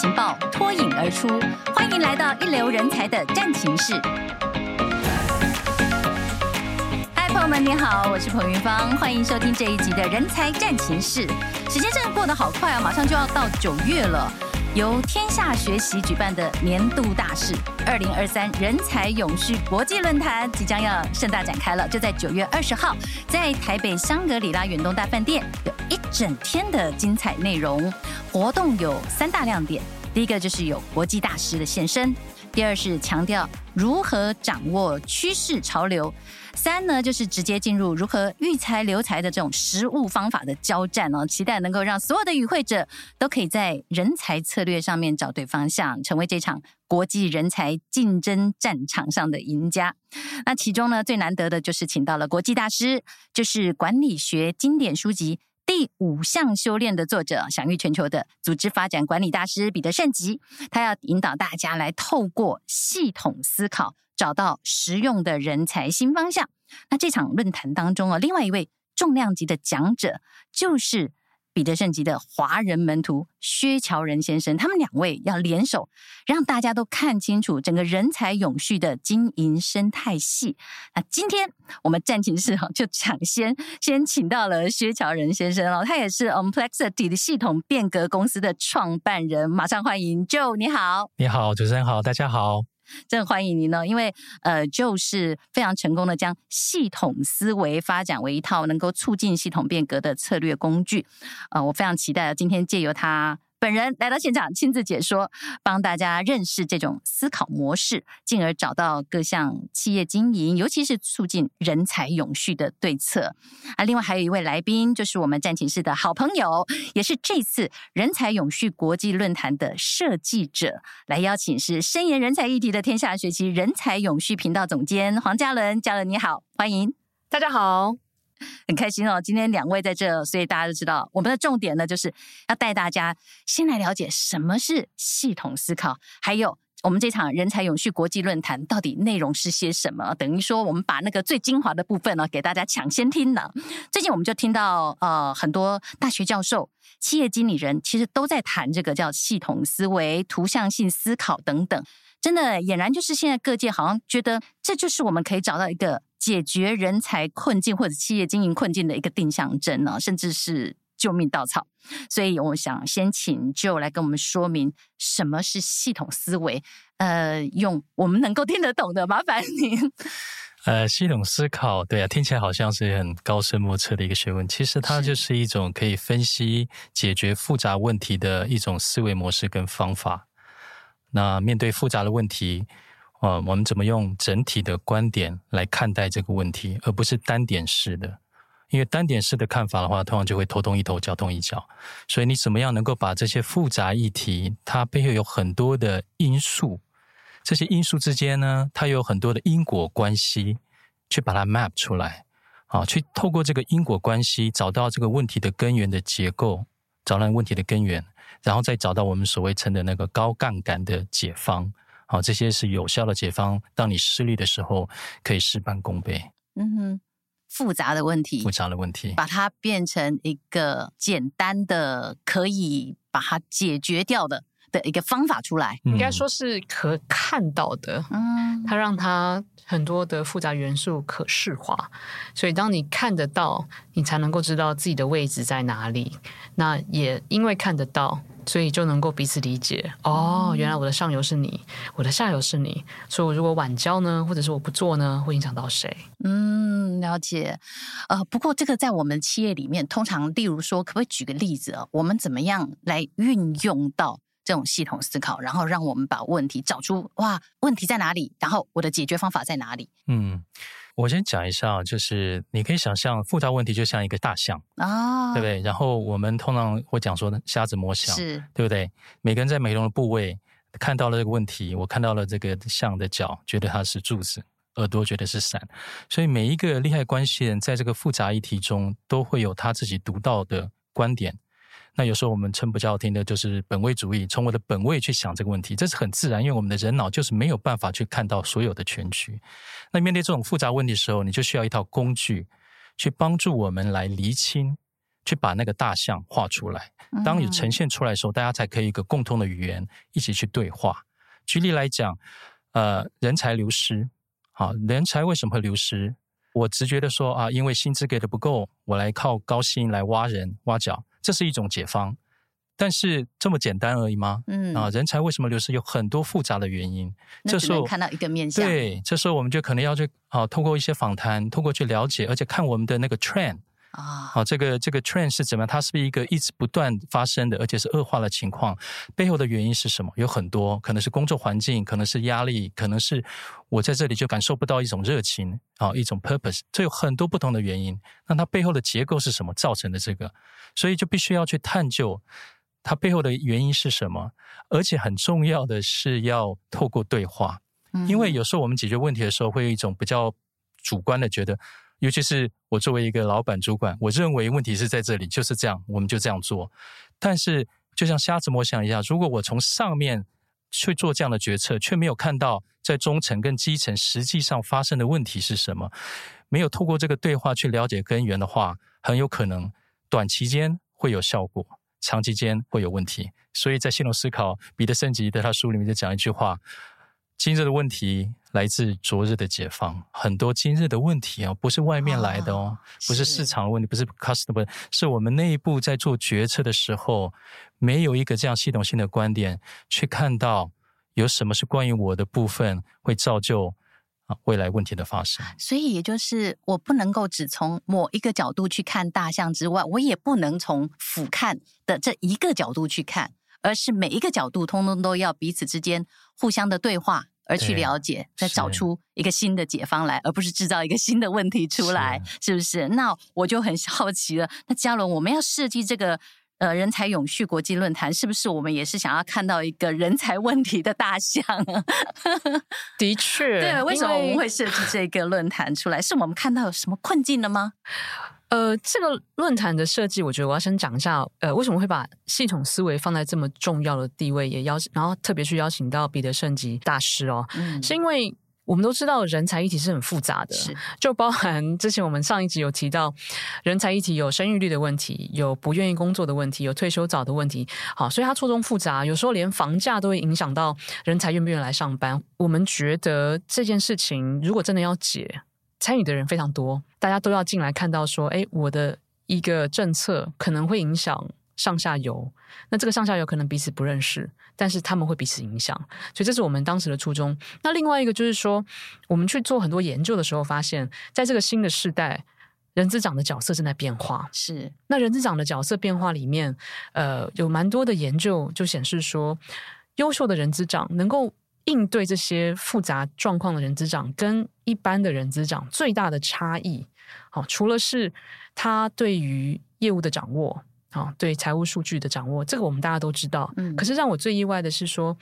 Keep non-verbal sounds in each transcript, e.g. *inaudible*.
情報，脫穎而出。歡迎來到一流人才的戰情室。嗨，朋友們，你好，我是彭云芳，歡迎收聽這一集的人才戰情室。時間真的過得好快啊，馬上就要到九月了。由天下學習舉辦的年度大事——二零二三人才永續國際論壇，即將要盛大展開了。就在九月二十號，在台北香格里拉遠東大飯店，有一整天的精彩內容。活動有三大亮點：第一個就是有國際大師的現身；第二是強調如何掌握趨勢潮流。三呢，就是直接進入如何育才留才的這種實務方法的交戰哦。期待能夠讓所有的與會者都可以在人才策略上面找對方向，成為這場國際人才競爭戰場上的贏家。那其中呢，最難得的就是請到了國際大師，就是管理學經典書籍。第五項修煉的作者，享譽全球的組織發展管理大師彼得聖吉，他要引導大家來透過系統思考，找到實用的人才新方向。那這場論壇當中啊，另外一位重量級的講者就是。彼得聖吉的華人門徒薛喬仁先生，他們兩位要聯手，讓大家都看清楚整個人才永續的經營生態系。那今天我們戰情室哈就搶先先請到了薛喬仁先生嘍，他也是 Omplexity 的系統變革公司的創辦人，馬上歡迎 Joe，你好，你好，主持人好，大家好。真的歡迎您呢，因為呃，就是非常成功的將系統思維發展為一套能夠促進系統變革的策略工具，呃，我非常期待今天借由他。本人來到現場親自解說，幫大家認識這種思考模式，進而找到各項企業經營，尤其是促進人才永續的對策。啊，另外還有一位來賓，就是我們戰情室的好朋友，也是這次人才永續國際論壇的設計者，來邀請是深研人才議題的天下學習人才永續頻道總監黃嘉倫。嘉倫你好，歡迎，大家好。很開心哦，今天兩位在這，所以大家都知道我們的重點呢，就是要帶大家先來了解什麼是系統思考，還有我們這場人才永續國際論壇到底內容是些什麼。等於說，我們把那個最精華的部分呢、哦，給大家搶先聽了。最近我們就聽到呃，很多大學教授、企業經理人其實都在談這個叫系統思維、圖像性思考等等，真的儼然就是現在各界好像覺得這就是我們可以找到一個。解決人才困境或者企業經營困境的一個定向針呢、啊，甚至是救命稻草。所以，我想先請 Joe 來跟我們說明什麼是系統思維，呃，用我們能夠聽得懂的，麻煩您。呃，系統思考，對啊，聽起來好像是很高深莫測的一個學問，其實它就是一種可以分析解決複雜問題的一種思維模式跟方法。那面對複雜的問題。呃、哦，我們怎麼用整體的觀點來看待這個問題，而不是單點式的？因為單點式的看法的話，通常就會頭痛醫頭，腳痛醫腳。所以你怎麼樣能夠把這些複雜議題，它背後有很多的因素，這些因素之間呢，它有很多的因果關係，去把它 map 出來，啊、哦，去透過這個因果關係，找到這個問題的根源的結構，找到問題的根源，然後再找到我們所謂稱的那個高槓桿的解方。好，這些是有效的解方。當你失利的時候，可以事半功倍。嗯哼，複雜的問題，複雜的問題，把它變成一個簡單的，可以把它解決掉的的一個方法出來。應該說是可看到的。嗯，它讓它很多的複雜元素可視化，所以當你看得到，你才能夠知道自己的位置在哪裡。那也因為看得到，所以就能夠彼此理解哦，原來我的上游是你，嗯、我的下游是你。所以，我如果晚交呢，或者是我不做呢，會影響到誰？嗯，了解。呃，不過這個在我們企業裡面，通常例如說，可不可以舉個例子啊？我們怎麼樣來運用到？這種系統思考，然後讓我們把問題找出，哇，問題在哪裡？然後我的解決方法在哪裡？嗯，我先講一下，就是你可以想象複雜問題就像一個大象啊，哦、對不對？然後我們通常會講說瞎子摸象，是對不對？每個人在美容的部位看到了這個問題，我看到了這個象的腳，覺得它是柱子；耳朵覺得是傘，所以每一個利害關係人在這個複雜議題中都會有他自己獨到的觀點。那有時候我們稱不叫聽的就是本位主義，從我的本位去想這個問題，這是很自然，因為我們的人腦就是沒有辦法去看到所有的全局。那面對這種複雜問題的時候，你就需要一套工具去幫助我們來釐清，去把那個大象畫出來。當你呈現出來的時候，大家才可以一個共通的語言一起去對話。舉例來講，呃，人才流失，好、啊，人才為什麼會流失？我直覺的說啊，因為薪資給的不夠，我來靠高薪來挖人挖角。這是一種解方，但是這麼簡單而已嗎？嗯啊，人才為什麼流失，有很多複雜的原因。這時候看到一個面向，對，這時候我們就可能要去啊，通過一些訪談，通過去了解，而且看我們的那個 trend。啊，好，這個這個 trend 是怎麼樣？它是不是一個一直不斷發生的，而且是惡化的情況？背後的原因是什麼？有很多，可能是工作環境，可能是壓力，可能是我在這裡就感受不到一種熱情啊，一種 purpose。這有很多不同的原因。那它背後的結構是什麼造成的這個？所以就必須要去探究它背後的原因是什麼。而且很重要的是要透過對話，嗯哼。因為有時候我們解決問題的時候會有一種比較主觀的覺得。尤其是我作為一個老闆主管，我認為問題是在這裡，就是這樣，我們就這樣做。但是，就像瞎子摸象一樣，如果我從上面去做這樣的決策，卻沒有看到在中層跟基層實際上發生的問題是什麼，沒有透過這個對話去了解根源的話，很有可能短期間會有效果，長期間會有問題。所以在系統思考，彼得·聖吉的他書裡面就講一句話。今日的問題來自昨日的解方，很多今日的問題啊、哦，不是外面來的哦，哦是不是市場的問題，不是 customer，是我們內部在做決策的時候，沒有一個這樣系統性的觀點去看到有什麼是關於我的部分會造就啊未來問題的發生。所以也就是我不能夠只從某一個角度去看大象之外，我也不能從俯瞰的這一個角度去看。而是每一個角度通通都要彼此之間互相的對話，而去了解，對再找出一個新的解方來，是而不是制造一個新的問題出來，是，是不是？那我就很好奇了。那嘉倫，我們要設計這個。呃，人才永續國際論壇是不是我們也是想要看到一個人才問題的大象？ *laughs* 的確，對，為什麼我們會設計這個論壇出來？為是我們看到有什麼困境了嗎？呃，這個論壇的設計，我覺得我要先講一下，呃，為什麼會把系統思維放在這麼重要的地位，也邀，然後特別去邀請到彼得聖吉大師哦，嗯，是因為。我們都知道，人才議題，是很複雜的，是就包含之前我們上一集有提到，人才議題有生育率的問題，有不願意工作的問題，有退休早的問題，好，所以它錯綜複雜，有時候連房價都會影響到人才願不願意來上班。我們覺得這件事情如果真的要解，參與的人非常多，大家都要進來看到說，哎，我的一個政策可能會影響。上下游，那這個上下游可能彼此不認識，但是他們會彼此影響，所以這是我們當時的初衷。那另外一個就是說，我們去做很多研究的時候，發現在這個新的世代，人資長的角色正在變化。是，那人資長的角色變化裡面，呃，有蠻多的研究就顯示說，優秀的人資長能夠應對這些複雜狀況的人資長，跟一般的人資長最大的差異，好、哦，除了是他對於業務的掌握。對財務數據的掌握，這個我們大家都知道。嗯、可是讓我最意外的是說，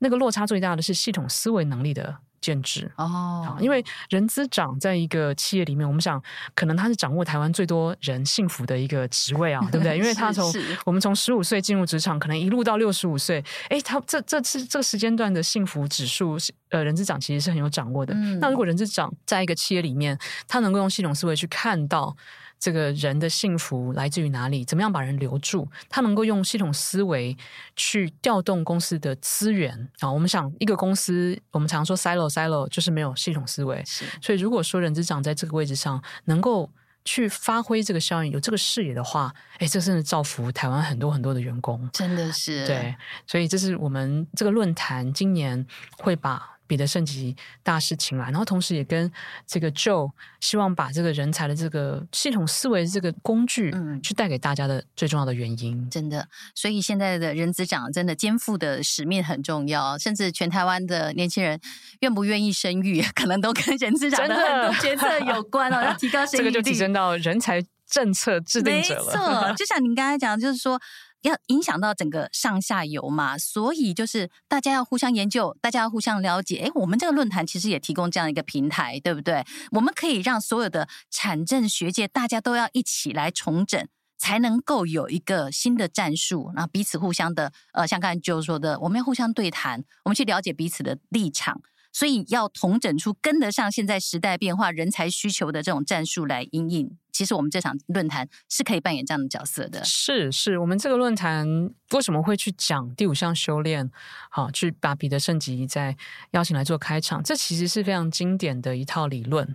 那個落差最大的是系統思維能力的建制、哦、因為人資長在一個企業裡面，我們想，可能他是掌握台灣最多人幸福的一個職位啊，對不對？對，因為他從我們從十五歲進入職場，可能一路到六十五歲，哎，他這這次這個時間段的幸福指數，呃，人資長其實是很有掌握的。嗯、那如果人資長在一個企業裡面，他能夠用系統思維去看到。這個人的幸福來自於哪裡？怎麼樣把人留住？他能夠用系統思維去調動公司的資源啊！我們想，一個公司我們常說 silo silo 就是沒有系統思維。是所以如果說人資長在這個位置上，能夠去發揮這個效應，有這個視野的話，誒，這甚至造福台灣很多很多的員工。真的是。對，所以這是我們這個論壇今年會把。彼得聖吉大師請來，然後同時也跟這個 Joe 希望把這個人才的這個系統思維這個工具去帶給大家的最重要的原因。嗯、真的，所以現在的人資長真的肩負的使命很重要，甚至全台灣的年輕人願不願意生育，可能都跟人資長的很多決策有關哦。真的要提高生育率， *laughs* 啊這個、就提升到人才政策制定者了。沒錯，就像您剛才講的， *laughs* 就是說。要影響到整個上下游嘛，所以就是大家要互相研究，大家要互相了解。哎，我們這個論壇其實也提供這樣一個平台，對不對？我們可以讓所有的產政學界大家都要一起來重整，才能夠有一個新的戰術，然後彼此互相的，呃，像剛才就說的，我們要互相對談，我們去了解彼此的立場。所以要統整出跟得上現在時代變化、人才需求的這種戰術來因應，其實我們這場論壇是可以扮演這樣的角色的。是是，我們這個論壇為什麼會去講第五項修煉？好，去把彼得聖吉再邀請來做開場，這其實是非常經典的一套理論。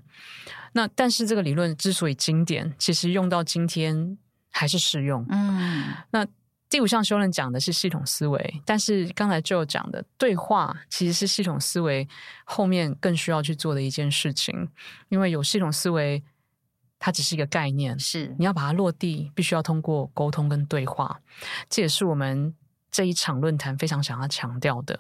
那但是這個理論之所以經典，其實用到今天還是適用。嗯，那。第五項修煉講的是系統思維，但是剛才就講的對話其實是系統思維後面更需要去做的一件事情，因為有系統思維，它只是一個概念，是你要把它落地，必須要通過溝通跟對話。這也是我們這一場論壇非常想要強調的。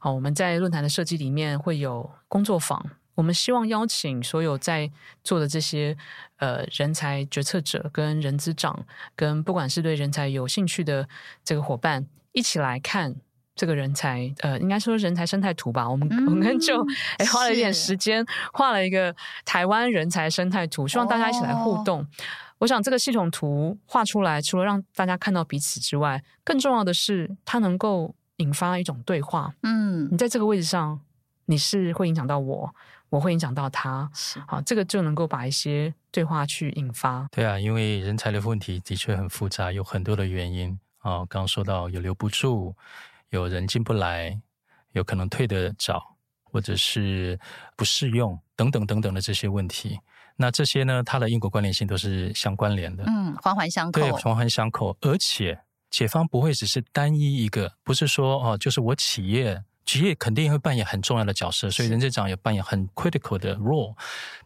好，我們在論壇的設計裡面會有工作坊。我們希望邀請所有在做的這些呃人才決策者、跟人資長、跟不管是對人才有興趣的這個夥伴，一起來看這個人才呃，應該說人才生態圖吧。我們、嗯、我們就、欸、花了一點時間畫是了一個台灣人才生態圖，希望大家一起來互動。哦、我想這個系統圖畫出來，除了讓大家看到彼此之外，更重要的是它能夠引發一種對話。嗯，你在這個位置上，你是會影響到我。我會影響到他，是好，這個就能夠把一些對話去引發。對啊，因為人才的問題的確很複雜，有很多的原因。啊、哦，剛剛說到有留不住，有人進不來，有可能退得早，或者是不適用，等等等等的這些問題。那這些呢，它的因果關聯性都是相關聯的，嗯，環環相扣，對，環環相扣，而且解方不會只是單一一個，不是說哦，就是我企業。企業肯定會扮演很重要的角色，所以人才長也扮演很 critical 的 role。是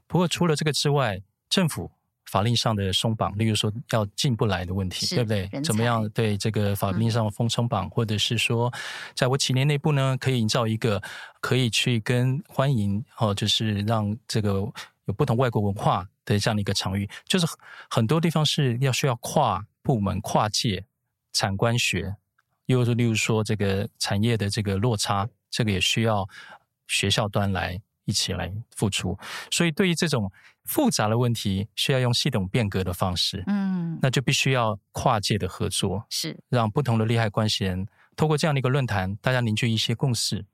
不過除了這個之外，政府法令上的鬆綁，例如說要進不來的問題，是對不對？才怎麼樣對這個法令上的鬆綁，嗯、或者是說，在我企業內部呢，可以營造一個可以去跟歡迎，哦，就是讓這個有不同外國文化的這樣的一個場域，就是很多地方是要需要跨部門、跨界、產官學。又是，例如說這個產業的這個落差，這個也需要學校端來一起來付出。所以，對於這種複雜的問題，需要用系統變革的方式，嗯，那就必須要跨界的合作，是讓不同的利害關係人通過這樣的一個論壇，大家凝聚一些共識，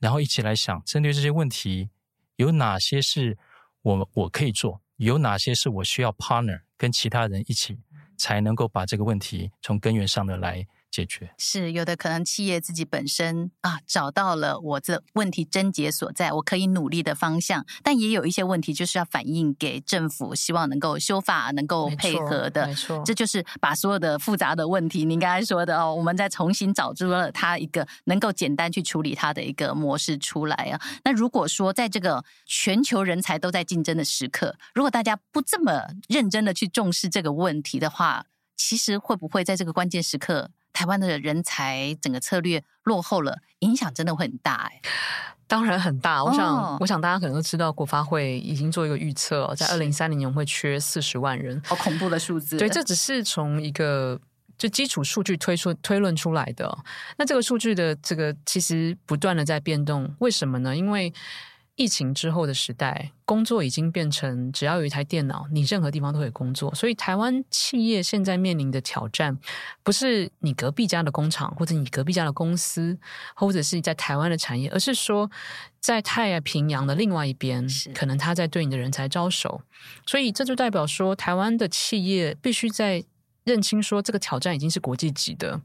然後一起來想，針對這些問題，有哪些是我我可以做，有哪些是我需要 partner 跟其他人一起，才能夠把這個問題從根源上面來。解決是有的，可能企業自己本身啊，找到了我這問題症結所在，我可以努力的方向。但也有一些問題，就是要反映給政府，希望能夠修法，能夠配合的。沒錯，這就是把所有的複雜的問題，您剛才說的哦，我們再重新找出了它一個能夠簡單去處理它的一個模式出來啊。那如果說在這個全球人才都在競爭的時刻，如果大家不這麼認真的去重視這個問題的話，其實會不會在這個關鍵時刻？台灣的人才整個策略落後了，影響真的會很大欸。當然很大，Oh, 我想，我想大家可能都知道，國發會已經做一個預測，在二零三零年會缺四十萬人，好，oh, 恐怖的數字。對，這只是從一個就基礎數據推出推論出來的。那這個數據的這個其實不斷的在變動，為什麼呢？因為疫情之後的時代，工作已經變成只要有一台電腦，你任何地方都可以工作。所以，台灣企業現在面臨的挑戰，不是你隔壁家的工廠，或者你隔壁家的公司，或者是在台灣的產業，而是說，在太平洋的另外一邊，是可能他在對你的人才招手。所以，這就代表說，台灣的企業必須在認清說，這個挑戰已經是國際級的。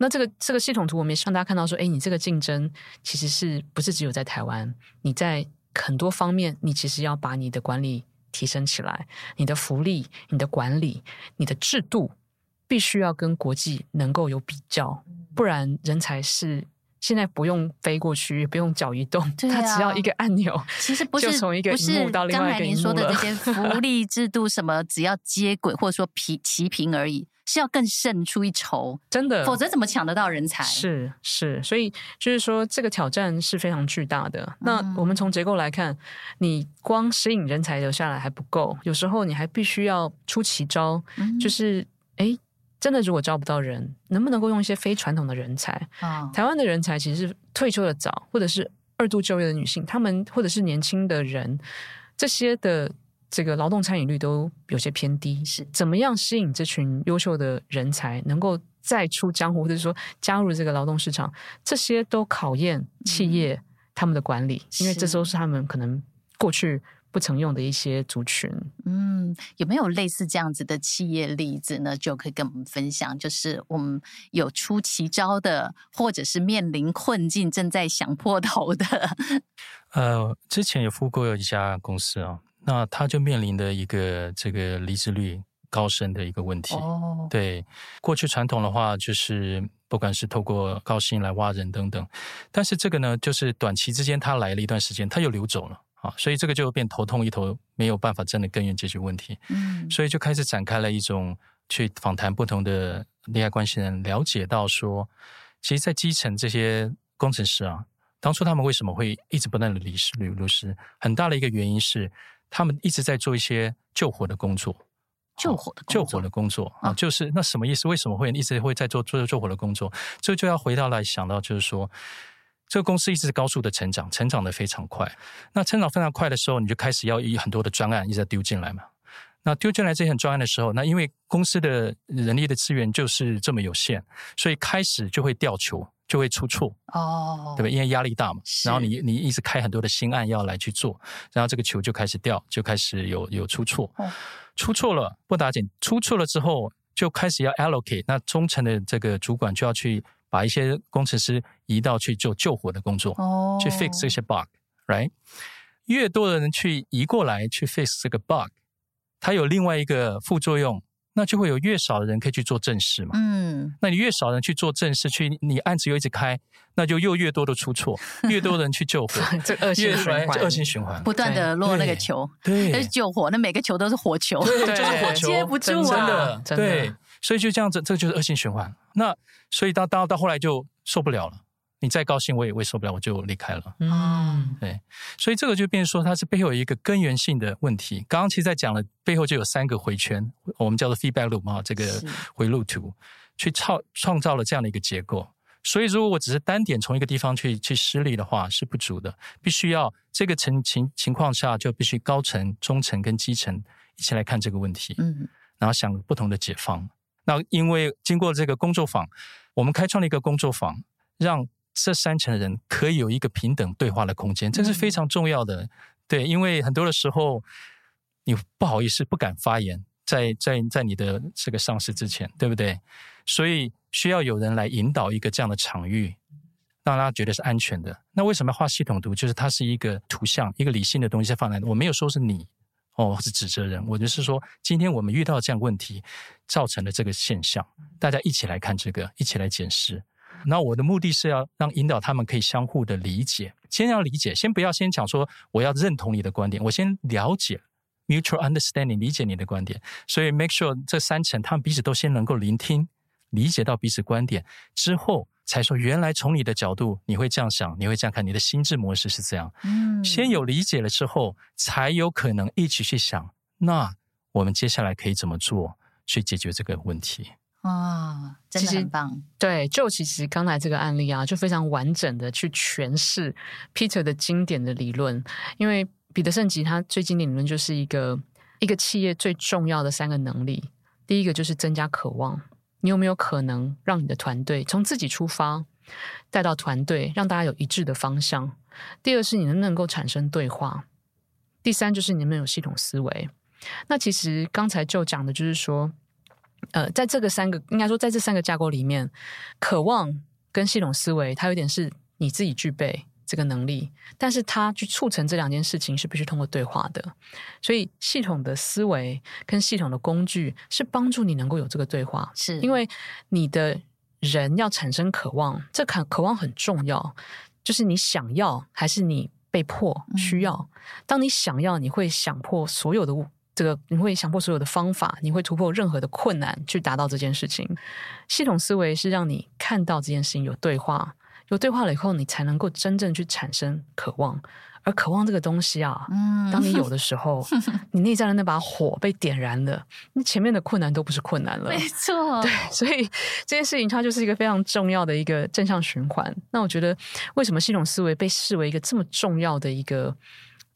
那這個這個系統圖，我們也讓大家看到說，哎，你這個競爭其實是不是只有在台灣？你在很多方面，你其實要把你的管理提升起來，你的福利、你的管理、你的制度，必須要跟國際能夠有比較，不然人才是現在不用飛過去，不用腳一動，它、啊、只要一個按鈕，其實不是就從一個屏幕到另外一個屏幕了，剛才您說的這些福利制度什麼， *laughs* 只要接軌或者說平齊平而已。是要更勝出一籌，真的，否則怎麼搶得到人才？是是，所以就是說，這個挑戰是非常巨大的。嗯、那我們從結構來看，你光吸引人才留下來還不夠，有時候你還必須要出奇招。嗯、就是，哎、欸，真的，如果招不到人，能不能夠用一些非傳統的人才？啊、哦，台灣的人才其實是退休的早，或者是二度就業的女性，她們或者是年輕的人，這些的。這個勞動參與率都有些偏低，是怎麼樣吸引這群優秀的人才能夠再出江湖，或者說加入這個勞動市場？這些都考驗企業他們的管理，嗯、因為這都是他們可能過去不曾用的一些族群。嗯，有沒有類似這樣子的企業例子呢？就可以跟我們分享，就是我們有出奇招的，或者是面臨困境正在想破頭的。呃，之前有服務過有一家公司啊、哦。那他就面臨的一個這個離職率高升的一個問題。Oh. 對，過去傳統的話就是不管是透過高薪來挖人等等，但是這個呢，就是短期之間他來了一段時間，他又流走了啊，所以這個就變頭痛醫頭，沒有辦法真的根源解決問題。Mm. 所以就開始展開了一種去訪談不同的利害關係人，了解到說，其實，在基層這些工程師啊，當初他們為什麼會一直不斷的離職率流失，很大的一個原因是。他們一直在做一些救火的工作，救火的工作，救火的工作，的工作啊，就是那什麼意思？為什麼會一直會在做做救火的工作？這就要回到來想到，就是說，這個公司一直是高速的成長，成長的非常快。那成長非常快的時候，你就開始要以很多的專案一直在丟進來嘛。那丟進來這些專案的時候，那因為公司的人力的資源就是這麼有限，所以開始就會掉球。就會出錯哦，對吧？因為壓力大嘛，是然後你你一直開很多的新案要來去做，然後這個球就開始掉，就開始有有出錯，哦、出錯了不打緊，出錯了之後就開始要 allocate，那中層的這個主管就要去把一些工程師移到去做救火的工作，哦、去 fix 這些 bug，right？越多的人去移過來去 fix 這個 bug，它有另外一個副作用。那就會有越少的人可以去做正事嘛。嗯，那你越少的人去做正事，去你案子又一直開，那就又越多的出錯，越多人去救火， *laughs* 這惡性循環，惡性循環，不斷的落那個球，對，對，但是救火那每個球都是火球，我對接不住啊，真的，真的對，所以就這樣子，這個就是惡性循環。那所以到到到後來就受不了了。你再高興我也我也受不了，我就離開了。嗯、哦，對，所以這個就變成說它是背後有一個根源性的問題。剛剛其實在講了，背後就有三個回圈，我們叫做 feedback loop 啊，這個回路圖，是去創創造了這樣的一個結構。所以如果我只是單點從一個地方去去施力的話是不足的，必須要這個情情情況下就必須高層、中層跟基層一起來看這個問題。嗯，然後想不同的解方。那因為經過這個工作坊，我們開創了一個工作坊讓這三層的人可以有一個平等對話的空間，這是非常重要的。對，因為很多的時候你不好意思、不敢發言，在在在你的這個上司之前，對不對？所以需要有人來引導一個這樣的場域，讓大家覺得是安全的。那為什麼要畫系統圖？就是它是一個圖像、一個理性的東西放在那。我沒有說是你哦，是指責人。我就是說，今天我們遇到這樣的問題，造成了這個現象，大家一起來看這個，一起來解釋。那我的目的是要讓引導他們可以相互的理解，先要理解，先不要先講說我要認同你的觀點，我先了解 mutual understanding，理解你的觀點，所以 make sure 這三層他們彼此都先能夠聆聽、理解到彼此觀點之後，才說原來從你的角度你會這樣想，你會這樣看，你的心智模式是這樣，嗯，先有理解了之後，才有可能一起去想，那我們接下來可以怎麼做去解決這個問題？啊、哦，真的很棒！對，就其實剛才這個案例啊，就非常完整的去詮釋 Peter 的經典的理論。因為彼得聖吉他最經典的理論就是一個一個企業最重要的三個能力，第一個就是增加渴望，你有沒有可能讓你的團隊從自己出發帶到團隊，讓大家有一致的方向？第二是你能不能夠產生對話？第三就是你能不能有系統思維？那其實剛才就講的就是說。呃，在這個三個應該說，在這三個架構裡面，渴望跟系統思維，它有點是你自己具備這個能力，但是它去促成這兩件事情是必須通過對話的。所以系統的思維跟系統的工具是幫助你能夠有這個對話，是因為你的人要產生渴望，這渴渴望很重要，就是你想要還是你被迫需要。嗯、當你想要，你會想破所有的物。這個你會想破所有的方法，你會突破任何的困難去達到這件事情。系統思維是讓你看到這件事情有對話，有對話了以後，你才能夠真正去產生渴望。而渴望這個東西啊，當你有的時候，嗯、 *laughs* 你內在的那把火被點燃了，那前面的困難都不是困難了。沒錯，對，所以這件事情它就是一個非常重要的一個正向循環。那我覺得，為什麼系統思維被視為一個這麼重要的一個？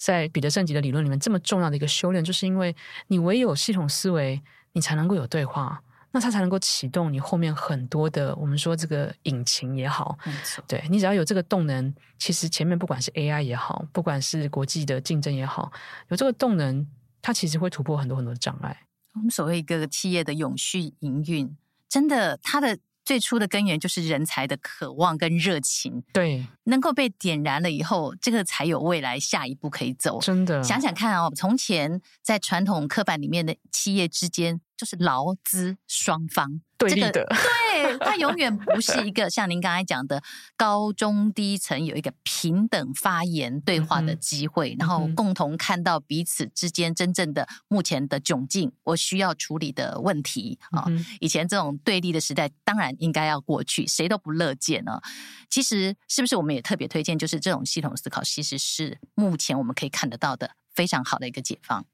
在彼得聖吉的理論裡面，這麼重要的一個修煉，就是因為你唯有系統思維，你才能夠有對話，那它才能夠啟動你後面很多的我們說這個引擎也好，錯對你只要有這個動能，其實前面不管是 AI 也好，不管是國際的競爭也好，有這個動能，它其實會突破很多很多障礙。我們所謂一個企業的永續營運，真的它的。最初的根源就是人才的渴望跟熱情，對，能夠被點燃了以後，這個才有未來，下一步可以走。真的，想想看哦，從前在傳統刻板裡面的企業之間。就是勞資雙方對立的，這個，對他永遠不是一個 *laughs* 像您剛才講的高中低層有一個平等發言對話的機會，嗯、哼然後共同看到彼此之間真正的目前的窘境，嗯、哼我需要處理的問題啊。哦嗯、哼以前這種對立的時代，當然應該要過去，誰都不樂見呢，哦。其實，是不是我們也特別推薦，就是這種系統思考，其實是目前我們可以看得到的非常好的一個解方。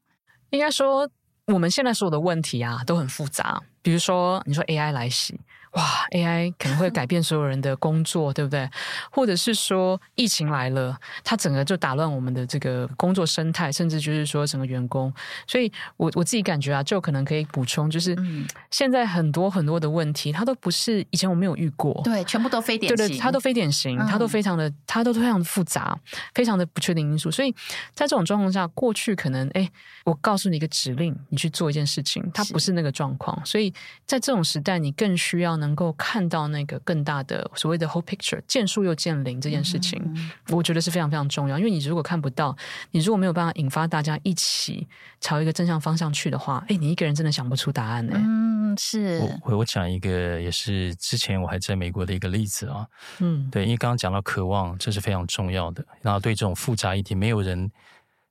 應該說。我們現在所有的問題啊，都很複雜。比如說，你說 AI 來襲。哇，AI 可能會改變所有人的工作，對不對？或者是說，疫情來了，它整個就打亂我們的這個工作生態，甚至就是說，整個員工。所以我，我我自己感覺啊，就可能可以補充，就是、嗯、現在很多很多的問題，它都不是以前我沒有遇過，對，全部都非典型對，它都非典型，它都非常的，它都非常的複雜，非常的不確定因素。所以在這種狀況下，過去可能，哎，我告訴你一個指令，你去做一件事情，它不是那個狀況。是所以在這種時代，你更需要。能夠看到那個更大的所謂的 whole picture，見樹又見林這件事情，嗯嗯，我覺得是非常非常重要。因為你如果看不到，你如果沒有辦法引發大家一起朝一個正向方向去的話，哎，你一個人真的想不出答案呢、欸。嗯，是。我我講一個也是之前我還在美國的一個例子啊。嗯，對，因為剛剛講到渴望，這是非常重要的。然後對這種複雜議題，沒有人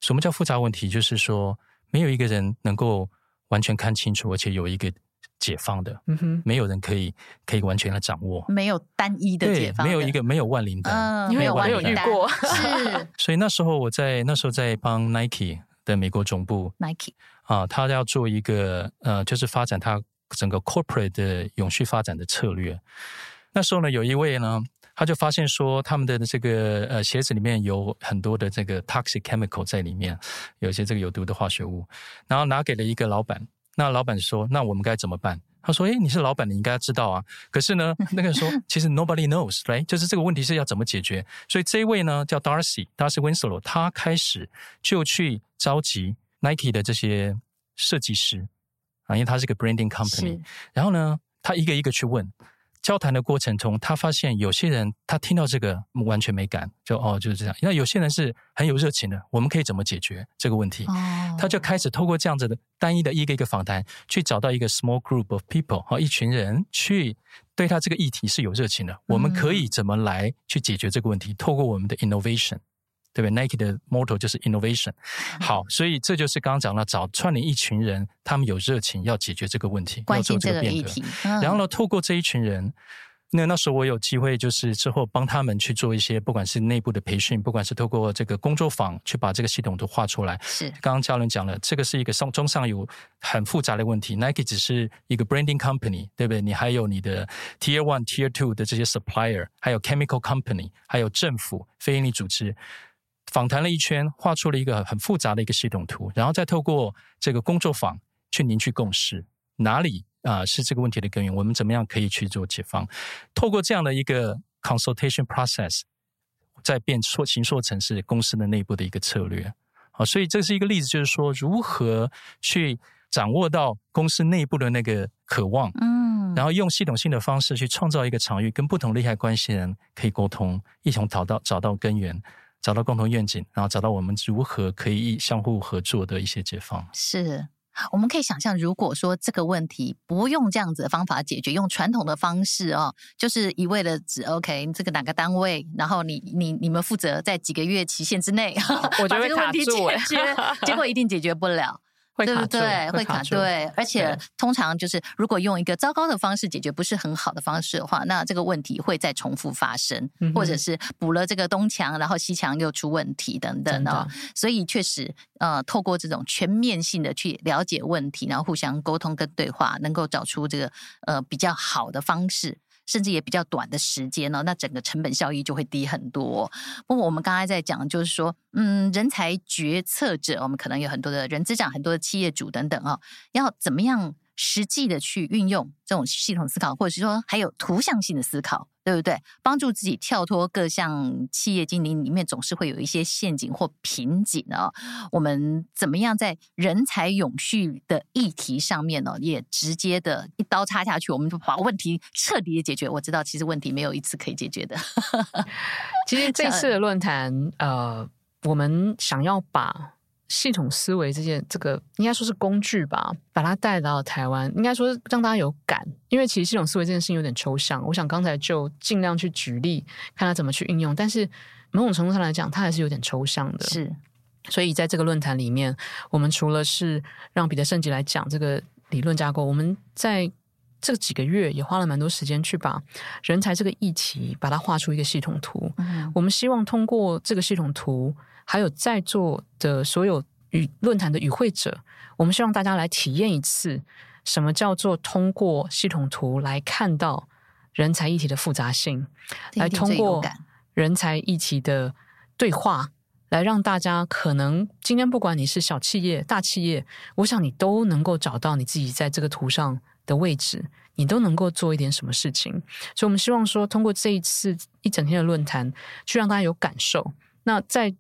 什麼叫複雜問題，就是說沒有一個人能夠完全看清楚，而且有一個。解放的，嗯哼，沒有人可以可以完全的掌握，沒有單一的，解放的，沒有一個沒有萬靈丹，嗯、沒有遇過，沒有萬靈丹，是。 *laughs* 所以那時候我在那時候在幫 Nike 的美國總部，Nike 啊，他要做一個呃，就是發展他整個 Corporate 的永續發展的策略。那時候呢，有一位呢，他就發現說，他們的這個呃鞋子裡面有很多的這個 Toxic Chemical 在裡面，有一些這個有毒的化學物，然後拿給了一個老闆。那老闆說：“那我們該怎麼辦？”他說：“誒、欸，你是老闆，你應該知道啊。可是呢，那個人說，其實 nobody knows，right 就是這個問題是要怎麼解決。所以這一位呢，叫 Darcy，Darcy Winslow，他開始就去召集 Nike 的這些設計師啊，因為他是個 branding company 是。然後呢，他一個一個去問。”交談的過程中，他發現有些人他聽到這個完全沒感，就哦，就是這樣。那有些人是很有熱情的，我們可以怎麼解決這個問題？哦。他就開始透過這樣子的單一的一個一個訪談，去找到一個 small group of people 哈，一群人去對他這個議題是有熱情的。我們可以怎麼來去解決這個問題？嗯。透過我們的 innovation。對不對？Nike 的 motto 就是 innovation。嗯、好，所以這就是剛剛講了，找串聯一群人，他們有熱情要解決這個問題，關心 要做這個變革。嗯、然後呢，透過這一群人，那那時候我有機會，就是之後幫他們去做一些，不管是內部的培訓，不管是透過這個工作坊去把這個系統都畫出來。是。剛剛嘉倫講了，這個是一個上中上游很複雜的問題。Nike 只是一個 branding company，對不對？你還有你的 tier one、tier two 的這些 supplier，還有 chemical company，還有政府、非營利組織。訪談了一圈，畫出了一個很、很複雜的一個系統圖，然後再透過這個工作坊去凝聚共識，哪裡啊，呃，是這個問題的根源？我們怎麼樣可以去做解方？透過這樣的一個 consultation process，在變說形塑成是公司的內部的一個策略。好，所以這是一個例子，就是說如何去掌握到公司內部的那個渴望，嗯，然後用系統性的方式去創造一個場域，跟不同利害關係人可以溝通，一同找到找到根源。找到共同願景，然後找到我們如何可以相互合作的一些解放是，我們可以想象如果說這個問題不用這樣子的方法解決，用傳統的方式哦，就是一味的只 OK，這個哪個單位，然後你你你們負責在幾個月期限之內我覺得 *laughs* 這個問題解決，結果一定解決不了。對不對？會卡住，會卡住，對，而且通常就是如果用一個糟糕的方式解決、不是很好的方式的話，那這個問題會再重複發生，嗯哼。或者是補了這個東牆，然後西牆又出問題等等。真的。所以確實，呃，透過這種全面性的去了解問題，然後互相溝通跟對話，能夠找出這個，呃，比較好的方式。甚至也比較短的時間呢、哦，那整個成本效益就會低很多、哦。不過我們剛才在講，就是說，嗯，人才決策者，我們可能有很多的人資長、很多的企業主等等啊、哦，要怎麼樣實際的去運用這種系統思考，或者是說還有圖像性的思考。對不對？幫助自己跳脫各項企業經營裡面總是會有一些陷阱或瓶頸呢，哦，我們怎麼樣在人才永續的議題上面呢，哦，也直接的一刀插下去，我們就把問題徹底的解決。我知道，其實問題沒有一次可以解決的。 *laughs* 其實這次的論壇， *laughs* 呃，我們想要把。系統思維這件，這個應該說是工具吧，把它帶到了台灣，應該說是讓大家有感。因為其實系統思維這件事情有點抽象，我想剛才就盡量去舉例，看他怎麼去運用。但是某種程度上來講，它還是有點抽象的。是，所以在這個論壇裡面，我們除了是讓彼得聖吉來講這個理論架構，我們在這幾個月也花了蠻多時間去把人才這個議題把它畫出一個系統圖。嗯，我們希望通過這個系統圖。還有在座的所有與論壇的與會者，我們希望大家來體驗一次什麼叫做通過系統圖來看到人才議題的複雜性，來通過人才議題的對話，來讓大家可能今天不管你是小企業、大企業，我想你都能夠找到你自己在這個圖上的位置，你都能夠做一點什麼事情。所以，我們希望說，通過這一次一整天的論壇，去讓大家有感受。那在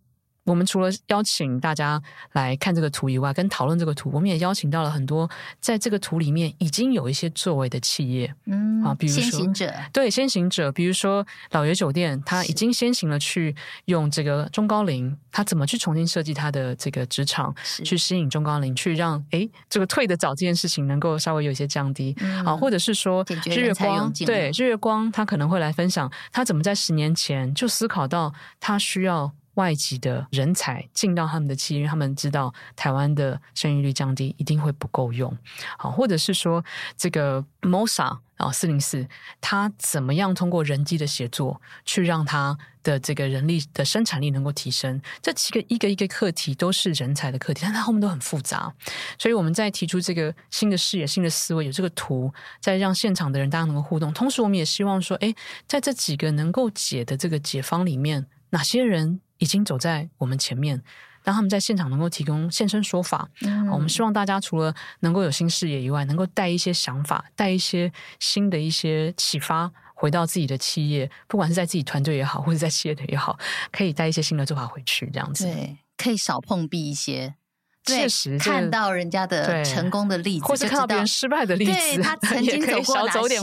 我們除了邀請大家來看這個圖以外，跟討論這個圖，我們也邀請到了很多在這個圖裡面已經有一些作為的企業，嗯啊，比如說先行者對先行者，比如說老爺酒店，他已經先行了去用這個中高齡，他怎麼去重新設計他的這個職場，是去吸引中高齡，去讓哎這個退得早這件事情能夠稍微有一些降低。嗯，啊，或者是說日月光對日月光，月光他可能會來分享他怎麼在十年前就思考到他需要。外籍的人才進到他們的企業，他們知道台灣的生育率降低一定會不夠用，好，或者是說這個 MOSA 啊、哦、四零四，4，他怎麼樣通過人機的協作去讓他的這個人力的生產力能夠提升？這幾個一個一個課題都是人才的課題，但他後面都很複雜，所以我們在提出這個新的視野、新的思維，有這個圖在讓現場的人大家能夠互動，同時我們也希望說，哎，在這幾個能夠解的這個解方裡面，哪些人？已經走在我們前面，讓他們在現場能夠提供現身說法。嗯啊，我們希望大家除了能夠有新視野以外，能夠帶一些想法，帶一些新的一些啟發，回到自己的企業，不管是在自己團隊也好，或者在企業的也好，可以帶一些新的做法回去，這樣子，對，可以少碰壁一些。對實看到人家的成功的例子，對或者看到別人失敗的例子，對，他曾經走過哪些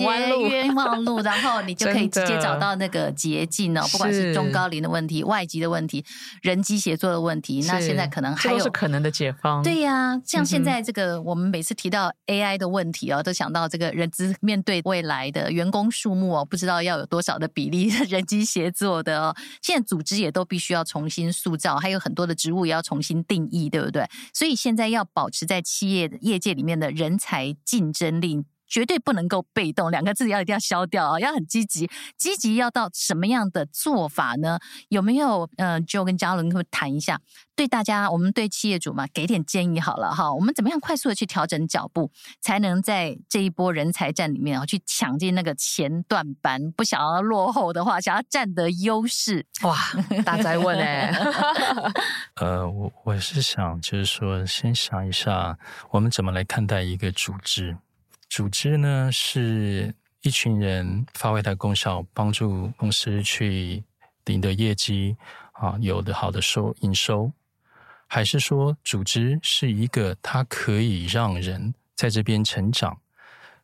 冤枉路，然後你就可以直接找到那個捷徑哦。的不管是中高齡的問題、是外籍的問題、人機協作的問題，是那現在可能還有是可能的解方。對呀、啊，像現在這個我們每次提到 AI 的問題哦，嗯、哼都想到這個人資面對未來的員工數目哦，不知道要有多少的比例人機協作的哦。現在組織也都必須要重新塑造，還有很多的職務也要重新定義，對不對？所以現在要保持在企業業界裡面的人才競爭力。絕對不能夠被動，兩個字要一定要消掉啊！要很積極，積極要到什麼樣的做法呢？有沒有嗯就、呃、跟嘉倫他們談一下？對大家，我們對企業主嘛，給點建議好了哈。我們怎麼樣快速的去調整腳步，才能在這一波人才戰裡面，我去搶進那個前段班？不想要落後的話，想要占得優勢，哇！ *laughs* 大家問呢、欸？ *laughs* 呃，我我是想，就是說，先想一下，我們怎麼來看待一個組織？組織呢，是一群人發揮它的功效，幫助公司去贏得業績啊，有的好的收營收，還是說組織是一個它可以讓人在這邊成長，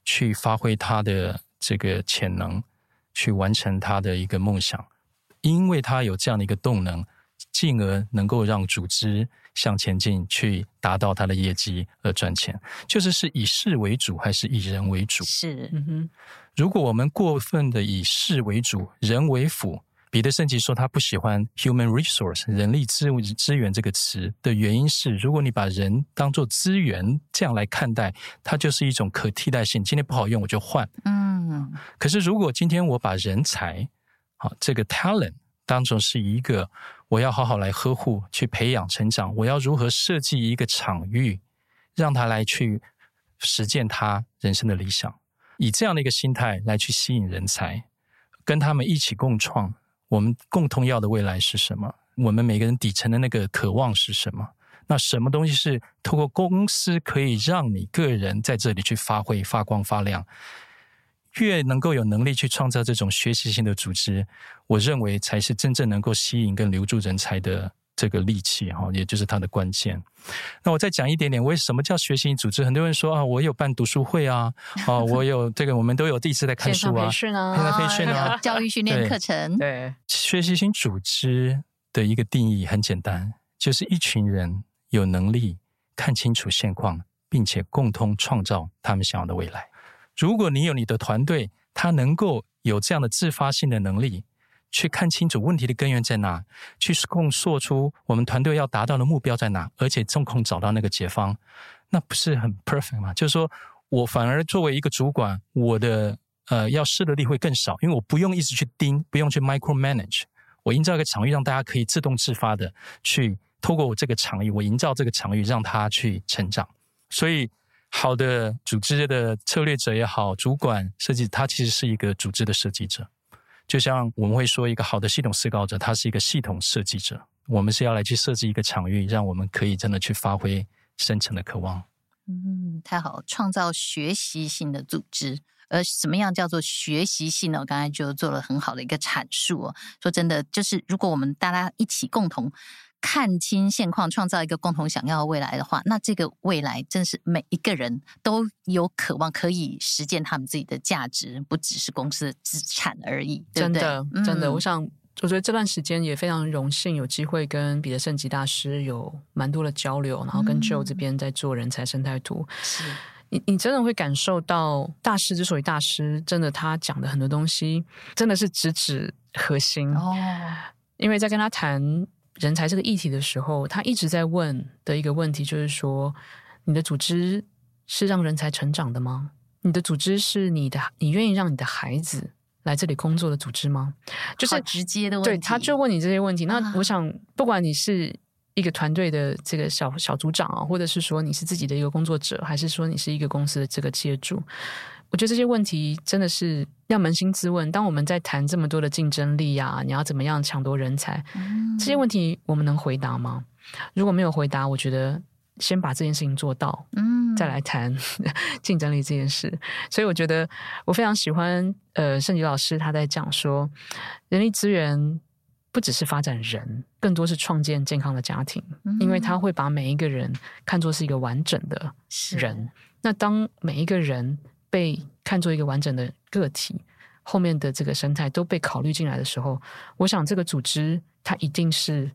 去發揮它的這個潛能，去完成它的一個夢想，因為它有這樣的一個動能，進而能夠讓組織。向前進去，達到他的業績而賺錢，就是是以事為主還是以人為主？是，嗯哼。如果我們過分的以事為主，人為輔，彼得聖吉說他不喜歡 human resource 人力資資源這個詞的原因是，如果你把人當作資源這樣來看待，它就是一種可替代性，今天不好用我就換。嗯，可是如果今天我把人才，好這個 talent，當作是一個。我要好好來呵護，去培養成長。我要如何設計一個場域，讓他來去實踐他人生的理想？以這樣的一個心態來去吸引人才，跟他們一起共創我們共同要的未來是什麼？我們每個人底層的那個渴望是什麼？那什麼東西是透過公司可以讓你個人在這裡去發揮、發光、發亮？越能夠有能力去創造這種學習型的組織，我認為才是真正能夠吸引跟留住人才的這個利器哈，也就是它的關鍵。那我再講一點點，為什麼叫學習型組織？很多人說啊，我有辦讀書會啊，啊，我有 *laughs* 這個，我們都有一直在看書啊，培訓啊， *laughs* 教育訓練課程。對，對學習型組織的一個定義很簡單，就是一群人有能力看清楚現況，並且共同創造他們想要的未來。如果你有你的團隊，他能夠有這樣的自發性的能力，去看清楚問題的根源在哪，去控說出我們團隊要達到的目標在哪，而且中控找到那個解方，那不是很 perfect 嗎？就是說我反而作為一個主管，我的呃要施的力會更少，因為我不用一直去盯，不用去 micromanage，我營造一個場域，讓大家可以自動自發的去透過我這個場域，我營造這個場域，讓他去成長，所以。好的組織的策略者也好，主管設計，他其實是一個組織的設計者。就像我們會說，一個好的系統思考者，他是一個系統設計者。我們是要來去設計一個場域，讓我們可以真的去發揮深層的渴望。嗯，太好，創造學習型的組織，而什麼樣叫做學習型呢？我剛才就做了很好的一個闡述。哦，說真的，就是如果我們大家一起共同。看清現況，創造一個共同想要的未來的話，那這個未來真是每一個人都有渴望可以實踐他們自己的價值，不只是公司的資產而已。真的，對對真的，嗯、我想，我覺得這段時間也非常榮幸，有機會跟彼得聖吉大師有蠻多的交流，然後跟 Joe、嗯、這邊在做人才生態圖。是你你真的會感受到大師之所以大師，真的他講的很多東西，真的是直指核心。哦，因為在跟他談。人才這個議題的時候，他一直在問的一個問題就是說，你的組織是讓人才成長的嗎？你的組織是你的，你願意讓你的孩子來這裡工作的組織嗎？就是直接的問題，對，他就問你這些問題。那我想，不管你是一個團隊的這個小小組長啊，或者是說你是自己的一個工作者，還是說你是一個公司的這個企業主。我覺得這些問題真的是要捫心自問。當我們在談這麼多的競爭力呀、啊，你要怎麼樣搶奪人才？嗯、這些問題我們能回答嗎？如果沒有回答，我覺得先把這件事情做到，嗯，再來談 *laughs* 競爭力這件事。所以我覺得我非常喜歡呃聖吉老師他在講說，人力資源不只是發展人，更多是創建健康的家庭，嗯、哼因為他會把每一個人看作是一個完整的人。是那當每一個人被看作一個完整的個體，後面的這個生態都被考慮進來的時候，我想這個組織它一定是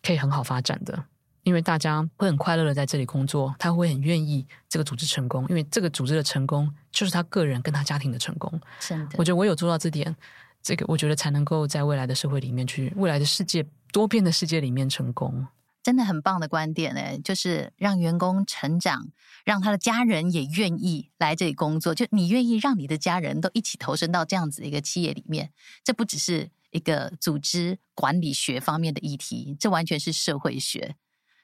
可以很好發展的，因為大家會很快樂的在這裡工作，他會很願意這個組織成功，因為這個組織的成功就是他個人跟他家庭的成功。是的，我覺得我有做到這點，這個我覺得才能夠在未來的社會裡面去，未來的世界多變的世界裡面成功。真的很棒的觀點呢，就是讓員工成長，讓他的家人也願意來這裡工作，就你願意讓你的家人都一起投身到這樣子一個企業裡面，這不只是一個組織管理學方面的議題，這完全是社會學。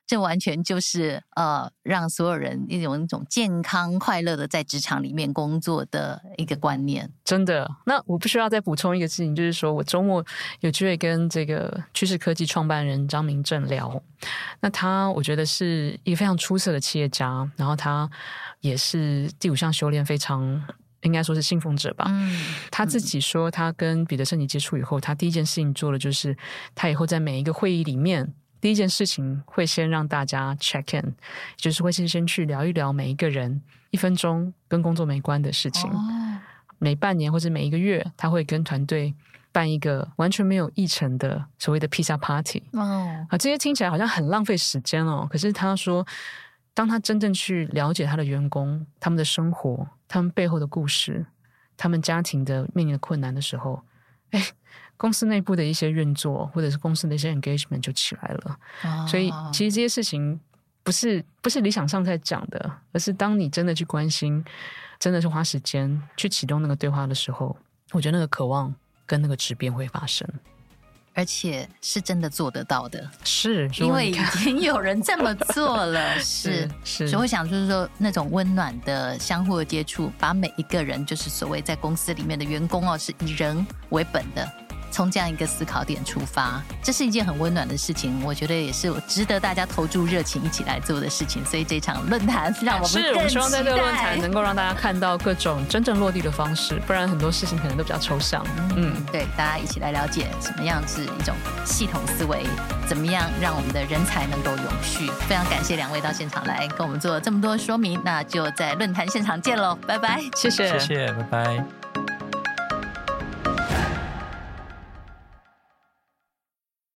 這完全就是呃，讓所有人一種一種健康快樂的在職場裡面工作的一個觀念。真的，那我不需要再補充一個事情，就是說我周末有機會跟這個趨勢科技創辦人張明正聊。那他我覺得是一個非常出色的企業家，然後他也是第五項修煉非常應該說是信奉者吧。嗯，他自己說他跟彼得聖吉接觸以後，他第一件事情做的就是他以後在每一個會議裡面。第一件事情會先讓大家 check in，就是會先先去聊一聊每一個人一分鐘跟工作沒關的事情。Oh. 每半年或者每一個月，他會跟團隊辦一個完全沒有議程的所謂的披薩 party。啊，oh. 這些聽起來好像很浪費時間哦。可是他說，當他真正去了解他的員工、他們的生活、他們背後的故事、他們家庭的面臨的困難的時候，哎、欸，公司內部的一些運作，或者是公司的一些 engagement 就起來了，啊，所以其實這些事情不是不是理想上在講的，而是當你真的去關心，真的是花時間去啟動那個對話的時候，我覺得那個渴望跟那個質變會發生。而且是真的做得到的，是因為已經有人這麼做了，是 *laughs* 是，是是，所以我想就是說，那種溫暖的相互的接觸，把每一個人，就是所謂在公司裡面的員工哦，是以人為本的。從這樣一個思考點出發，這是一件很溫暖的事情，我覺得也是值得大家投注熱情一起來做的事情。所以這場論壇讓我們更期待。是，我們希望在這個論壇能夠讓大家看到各種真正落地的方式，不然很多事情可能都比較抽象。嗯，對，大家一起來了解怎麼樣是一種系統思維，怎麼樣讓我們的人才能夠永續。非常感謝兩位到現場來跟我們做了這麼多說明，那就在論壇現場見嘍，拜拜，謝謝，謝謝，拜拜。